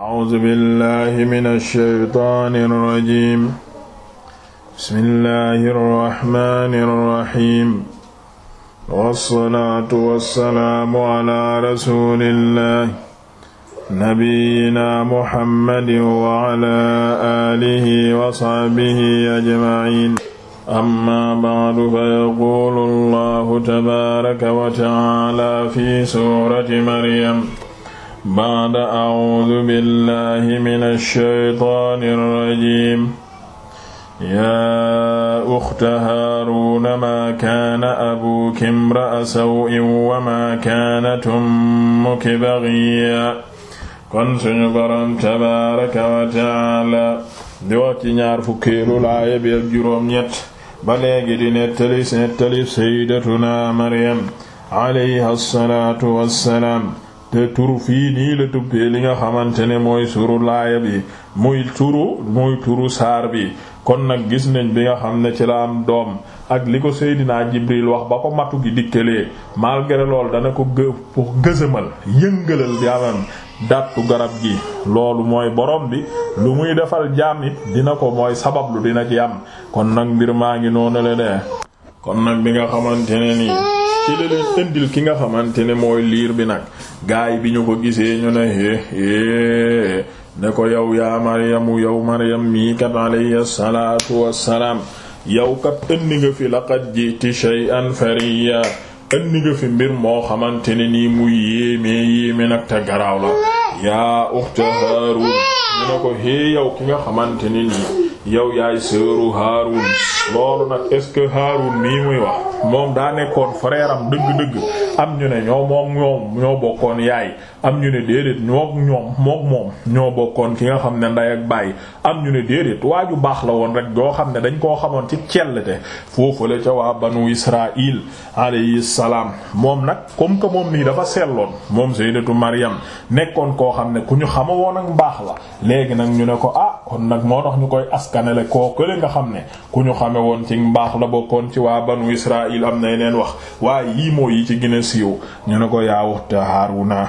أعوذ بالله من الشيطان الرجيم بسم الله الرحمن الرحيم والصلاة والسلام على رسول الله نبينا محمد وعلى آله وصحبه أجمعين أما بعد فيقول الله تبارك وتعالى في سورة مريم ba'da a'uudu billahi mina shaytaani rajiim yaa ukhta haaruuna maa kaana abuuki imra'a saw'in wa maa kaanat ummuki baghiya kon suñu boroom tabaaraka wa ta'aala di wax ci ñaar fukkeelu laaya bi ak juróom-ñett ba léegi di nettali nettali sayyidatuna Maryam alayha salaatu wassalaam te turu fii nii la tubbee li nga xamante ne mooy suru laaya bi muy turu muy turu saar bi kon nag gis nañ bi nga xam ne ci la am doom ak li ko Seydina Jibril wax ba ko matu gi dikkalee malgré loolu dana ko gë pour gësëmal yëngalal yàllan dattu garab gi loolu mooy borom bi lu muy defal jaam it dina ko mooy sabab lu dina ci am kon nag mbir maa ngi noonu la de kon nag bi nga xamante ne nii ci la indil ki nga xamante ne mooy liir bi nag gaay bi ñu ko gisee ñu ne é ne ko yow yaa maryamu yow maryam mii kat alayhi salaatu wassalaam yow kat indi nga fi laqad jiti shay'an fariya indi nga fi mbir moo xamante ne nii muy yéemee yéeme nag te garaaw la yaa uxta haarun ñu ne ko hee yow ki nga xamante ne nii yow yaay seeru Haarun loolu nag est-ce que Haarun mii muy wax moom daa nekkoon frère am dëgg-dëgg am ñu ne ñoo moom ñoom ñoo bokkoon yaay am ñu ne déedéet ñoo ñoom moom ñoo bokkoon ki nga xam ne nday ak am ñu ne déedéet waa baax la woon rek yoo xam ne dañ koo xamoon ci cellte foofale ca waa banu Israil alayhi salaam moom nag comme que moom nii dafa selloon moom sayyidatu Maryam nekkoon koo xam ne ku ñu xama woon ak baax la léegi nag ñu ne ko ah kon nag moo tax ñu koy askan askanele koo kële nga xam ne ku ñu xame woon ci mbaax la bokkoon ci waa banu Israil am na yeneen wax waaye yii moo yi ci gën a siiw ñu ne ko yaa waxte Haaruna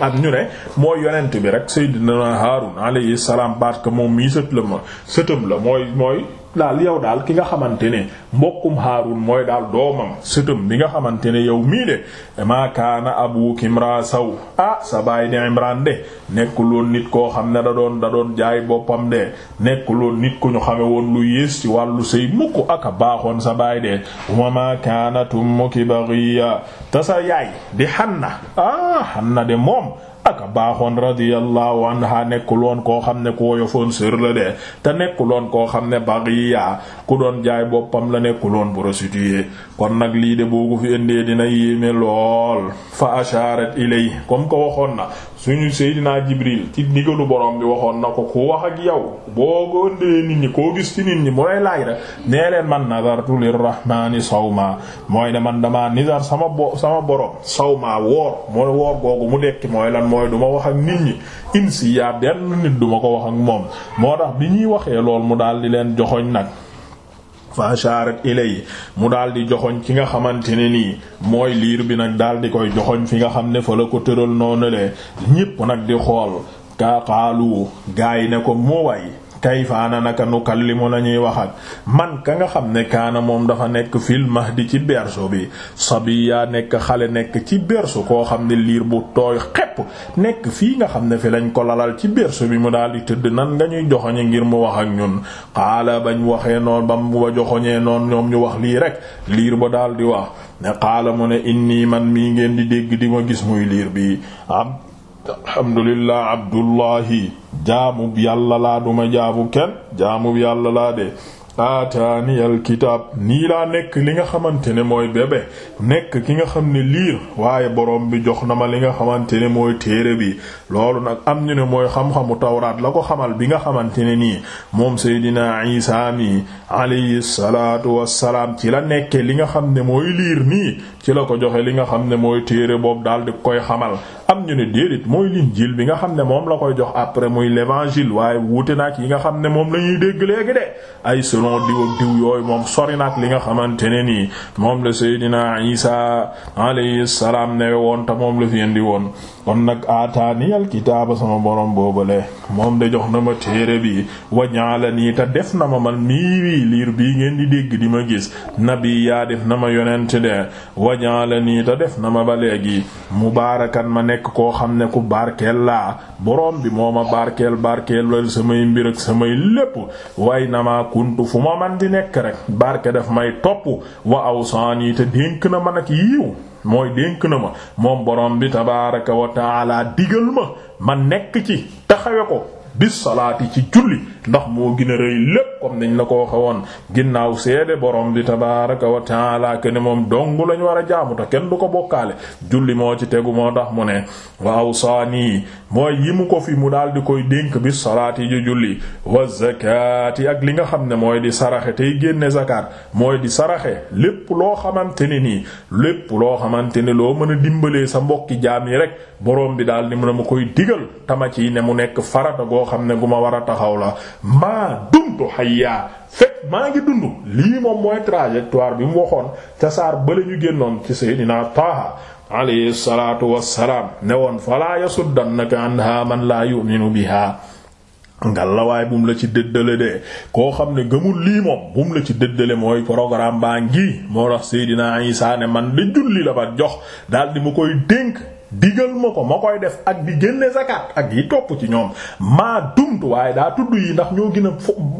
am ñu ne mooy yonent bi rek Seydina Haarun alayhi salaam parce que moom mii sët la ma sëtam la mooy mooy daal yow daal ki nga xamante ne mbokkum Haarun mooy daal doomam sëtam bi nga xamante ne yow mii de maa kaana abuki imra saw ah sa baay di Imraan de nekkuloon nit koo xam ne da doon da doon jaay boppam de nekkuloon nit ku ñu xame woon lu yées ci wàllu sëy mukk aka baaxoon sa baay de wa maa kaanat ummuki baghiya te sa yaay di Hanna ah Hanna de moom aka baaxoon radiyallahu anha nekkul loon koo xam ne ku woyofoon sër la de te nekku loon koo xam ne bagiya ku doon jaay boppam la nekkul woon prostituée kon nag lii de boo ko fi indee dina yéeme lool fa asharat ilay comme ko waxoon na suñu Seydina Jibril ci ndigalu boroom bi waxoon na ko ku wax ak yow boo ko ëndee nit ñi koo gis ci nit ñi mu lay laaj rek nee leen man nazartu lirrahmani sawma mooy ne man damaa nizar sama bo sama borom sawma woor mooy woor googu mu dekki mooy lan mooy du ma wax ak nit ñi insi yaa benn nit du ma ko wax ak moom moo tax bi ñuy waxee lool mu daal di leen joxoñ nag fa asharat ilay mu daal di joxoñ ki nga xamante ne nii mooy liir bi nag daal di koy joxoñ fi nga xam ne fa la ko tëral noonu le ñépp nag di xool kaaqaalu gaay ne ko moo way kayfa ana naka nukallimu la ñuy wax ak man ka nga xam ne kaana moom dafa nekk fil mahdi ci berceau bi sabiya nekk xale nekk ci berceau koo xam ne liir bu tooy xepp nekk fii nga xam ne fi lañ ko lalal ci berceau bi mu daal di tëdd nan nga ñuy joxoñe ngir mu wax ak ñun xaala bañ waxee noonu ba mu ba joxoñee noonu ñoom ñu wax lii rek liir ba daal di wax ne xaala mu ne inni man mii ngeen di dégg di ma gis muy liir bi alhamdulillah abdullahi jaamub yàlla laa duma jaamu kenn jaamub yàlla laa de ataaniyal kitaab nii laa nekk li nga xamante ne mooy bébé nekk ki nga xam ne liir waaye borom bi jox na ma li nga xamante ne mooy téere bi loolu nag am ñu ne mooy xam-xamu tawraat la ko xamal bi nga xamante ne nii moom Seydina Isa mi alayhi salaatu wassalaam ci la nekkee li nga xam ne mooy liir nii ci la ko joxe li nga xam ne mooy téere boobu daal di koy xamal am ñu ne déedéet mooy l'injil bi nga xam ne moom la koy jox après muy l'évangile waaye wuute nag yi nga xam ne moom la ñuy dégg léegi de ay selon diw diw yooyu moom sori nag li nga xamante ne nii moom la Seydina Isa alayhi salaam ne woon te moom la fi di woon kon nag aataaniyal kitaaba sama borom boobale moom de jox na ma téere bi wañaala nii te def na ma man mii liir bii ngeen di dégg di ma gis nabi yaa def na ma yonent de wañaala nii te def na ma ba léegi mubaarakan ma nekk koo xam ne ku barkeel laa borom bi moo ma barkeel barkeelal samay mbir ak samay lépp way na maa kuntu fu ma man di nekk rek barke daf may topp wa awsaani te dénk na man ak yiiw mooy dénk na ma moom borom bi tabaaraka wa taala digal ma ma nekk ci taxawe ko bi salaati ci julli ndax moo gën rëy lépp comme nañ la ko waxe woon ginnaaw seede boroom bi tabaraka wa taala ne moom dong lañ war a jaamu kenn du ko bokkaale julli moo ci tegu moo tax mu ne waaw saanii mooy yi mu ko fi mu daal di koy dénk bi salaati ji julli wa zakati ak li nga xam ne mooy di saraxe tey génne zakat mooy di saraxe lépp loo xamante ne nii lépp loo xamante ne loo mën a dimbalee sa mbokki jaam yi rek borom bi daal ni mu ne koy digal tama ci mu nekk goo xam ne bu ma war a taxaw la maa dumtu hayya fekk maa ngi dund lii moom mooy trajectoire bi mu waxoon ca saar bale ñu génnoon ci Seydina Taaha alayhi salaatu wassalaam ne woon falaa yasuddannaka anha man laa yu'minu biha ngalawaay bu mu la ci dëddale de koo xam ne gëmul lii moom bu la ci dëddale mooy programme baa ngi moo tax Seydina Isaa ne man de julli la ba jox daal di mu koy dénk digal ma ko ma koy def ak bi génne zakat ak yi topp ci ñoom maa dumtu waaye daa tudd yi ndax ñoo gën a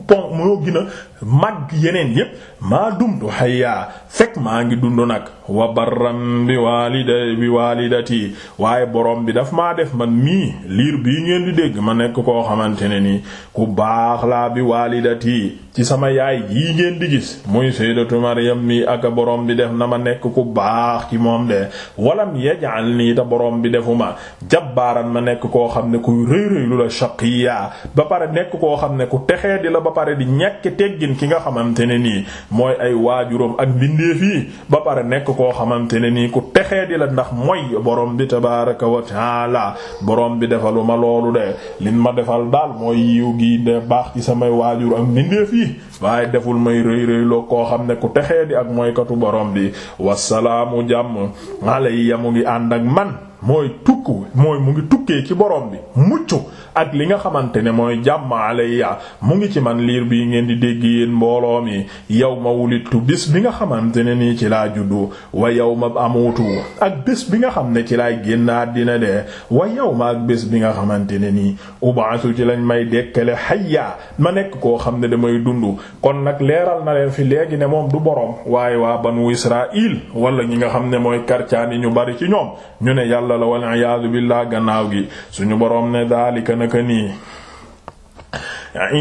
pon ñoo gën a yeneen yépp maa dumtu hayya fekk maa ngi dund nag wa barram bi walida bi walidati waaye borom bi dafa maa def man mii liir bii ngeen di dégg ma nekk koo xamante ne nii ku baax laa bi walidati ci sama yaay yii ngeen di gis muy sayyidatu Maryam mi ak borom di def na ma nekk ku baax ci moom de walam yaj'alni ta borom bi defuma jabbaaran ma nekk koo xam ne kuy rëy rëy lu la shaqiya ba pare nekk koo xam ne ku texee di la ba pare di ñàkk teggin ki nga xamante ne nii mooy ay waajuram ak mbindeef yi ba pare nekk koo xamante ne nii ku texee la ndax mooy borom bi tabaaraka wa taala borom bi defalu ma loolu de lin ma defal daal mooy yiw gi de baax ci samay waajur ak mbindeef yi waaye deful may rëy rëy koo xam ne ku texee di ak mooykatu borom bi wasalaamu jàmm yi mu ngi ànd ak man mooy tukk mooy mu ngi tukkee ci borom bi mucc ak li nga xamante ne mooy jàmm alayya mu ngi ci man liir bii ngeen di dégg yéen mbooloo mi ma wulitu bés bi nga xamante ne nii ci laa juddu wa yawma amutu ak bés bi nga xam ne ci laay génn àddina de wa yawma ak bés bi nga xamante ne nii ub'asu ci lañ may dekkale hayya ma nekk koo xam ne damay dund kon nag leeral na leen fi léegi ne moom du borom waaye waa banu Israil wala ñi nga xam ne mooy karcaani ñu bari ci ñoom ñu ne yàlla yàlla la wal billah gannaaw gi suñu boroom ne daalika naka nii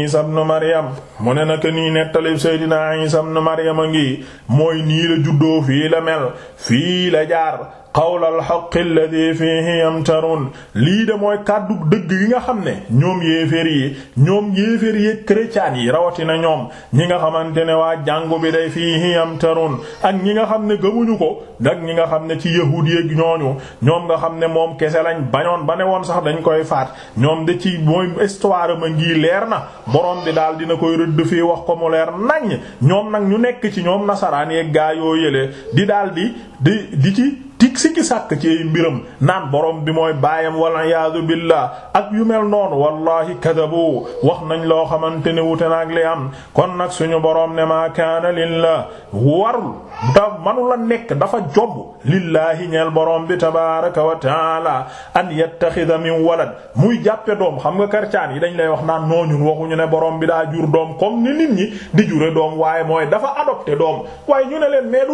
Isa ibn Maryam mu ne naka nii nettali Seydina Isa ibn Maryam a ngi mooy nii la juddoo fii la mel fii la jaar qawla alxaqi alladi fiihi yamtaruun lii de mooy kàddu dëgg yi nga xam ne ñoom yéeféer yi ñoom yéeféer yi chrétien yi rawatina ñoom ñi nga xamante ne waa jàngu bi day fiihi yamtaruun ak ñi nga xam ne gëmuñu ko ak ñi nga xam ne ci yahuud yi ñooñu ñoom nga xam ne moom kese lañ bañoon ba ne woon sax dañ koy faat ñoom de ci mooy histoire ma ngi leer na borom bi daal dina koy rëdd fii wax ko mu leer nañ ñoom nag ñu nekk ci ñoom nasaraan yeeg gaa yoo yële di daal di di di ci tik si ki sàkk ci ay mbiram naan borom bi mooy baayam wala yaadu billah ak yu mel noonu wallahi kadabu wax nañ loo xamante ne wute naag li am kon nag suñu borom ne maa kaana lillah warul da la nekk dafa job lillaahi ñeel borom bi tabaraka wa taala an yattaxida min walad muy jàppe doom xam nga karcaan yi dañ lay wax naan nooñun waxuñu ne borom bi daa jur doom comme ni nit ñi di jure doom waaye mooy dafa adopté doom waaye ñu ne leen mais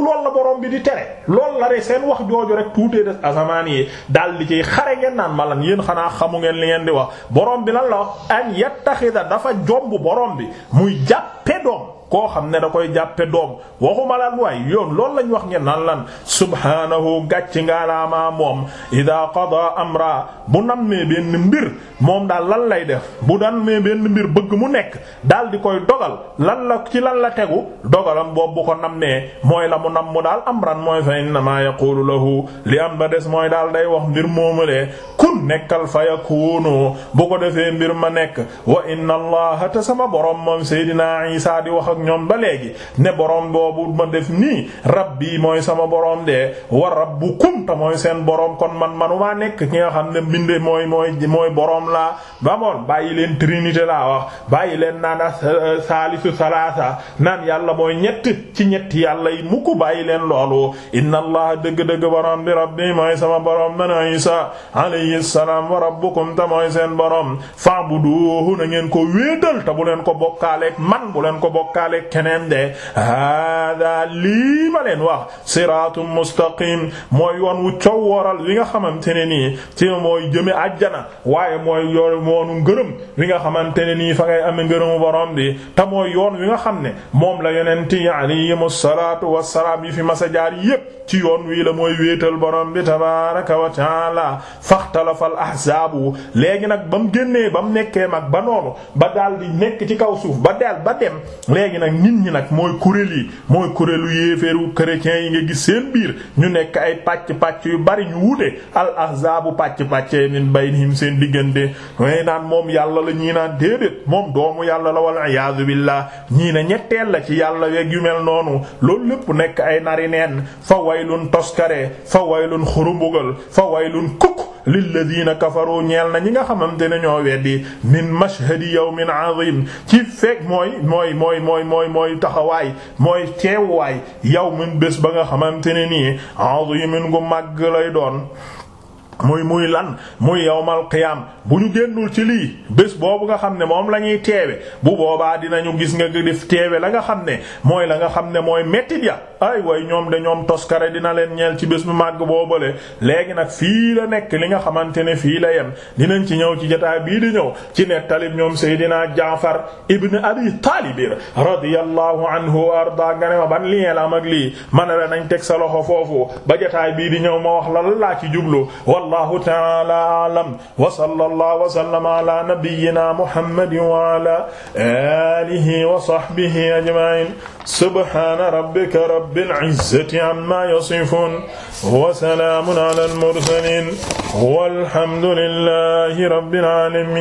du jooju rek tuutee des asamaan yi daal di ciy xare ngeen naan malan yéen xanaa xamu ngeen li ngeen di wax borom bi lan la wax an yattaxida dafa jomb borom bi muy jàppe doom koo xam ne da koy jàppe doom waxuma lan waay yoon loolu lañ wax ngeen nan lan subhaanahu gàcci ngaalaama moom ida qada amra bu nammee benn mbir moom daal lan lay def bu nammee benn mbir bëgg mu nekk daal di koy dogal lan la ci lan la tegu dogalam boobu ko nammee mooy la mu nam mu daal amran mooy fa innama yaqulu lahu li am ba des mooy daal day wax mbir moomulee kun nekkal fa yakunu bu ko defee mbir ma nekk wa inna allaha ta sama borom moom ak ñoom ba léegi ne borom boobu ma def nii rabbi mooy sama borom de wa rabbukum ta mooy seen borom kon man maa nekk ki nga xam ne mbinde mooy mooy mooy borom laa bamoon bàyyi leen trinité laa wax bàyyi leen naan saalisu euh, euh, salaasa naan yàlla mooy ñett ci ñetti yàlla yi mu ko bàyyi leen loolu inna allah dëgg-dëgg borom bi rabbi mooy sama borom man isa alayhi wa rabbukum ta mooy seen borom fa'buduhu na ngeen ko wéetal ta bu leen bokkaale keneen de hada lii ma leen wax siraatun mustaqim mooy yoon wu cow wooral li nga xamante ne nii ci mooy jëme àjjana waaye mooy yoon woonu ngërëm nga xamante ne nii fa amee ngërëmu borom bi te yoon wi nga xam ne moom la yonent yi alayhimu salaatu wassalaam yi fi masa jaar yépp ci yoon wii la mooy wéetal borom bi tabaaraka wa taala faxtalafal ahzaabu léegi nag ba mu génnee ba mu nekkee mag ba noonu ba daal di nekk ci kaw suuf ba daal ba dem léegi léegi nag nit ñi nag mooy kuréel yi mooy kuréelu yéeféeru chrétiens yi nga gis seen biir ñu nekk ay pàcc-pàcc yu bari ñu wuute al ahzaabu pàcc bay min baynihim seen diggante way naan moom yàlla la ñii naan déedéet moom doomu yàlla la wal iyaadu billah ñii na ñetteel la ci yàlla weeg yu mel noonu loolu lépp nekk ay nari neen fa waylun toskare fa waylun xurumbugal fa waylun kuk lilladina kafaru ñeel na ñi nga xamante ne ñoo weddi min mashhadi yawmin azim ci fekk mooy mooy mooy mooy mooy mooy taxawaay mooy teewwaay yawmin bés ba nga xamante ne nii azimin gu màgg lay doon muy muy lan muy yawmal qiyam bu ñu génnul ci lii bés boobu nga xam ne moom lañuy ñuy teewe bu boobaa dinañu gis nga def teewe la nga xam ne mooy la nga xam ne mooy mettit ya ay way ñoom de ñoom toskare dina leen ñeel ci bés bu màgg boobale léegi nag fii la nekk li nga xamante ne fii la yem dinañ ci ñëw ci jotaay bii di ñëw ci nettalib ñoom Seydina Jaafar ibn Abi Taalib radiyallahu anhu wa arda nga ne ma ban lien la am li lii man la nañ teg sa loxo foofu ba jotaay bii di ñëw ma wax la laa ci jublu wallahu ta'ala a'lam wa sallallahu wa sallama ala nabiyyina muhammadin wa ala alihi wa sahbihi ajma'in subhana rabbika rabbil izzati amma yasifun wa salaamun ala al mursalin walhamdulillahi rabbil alamin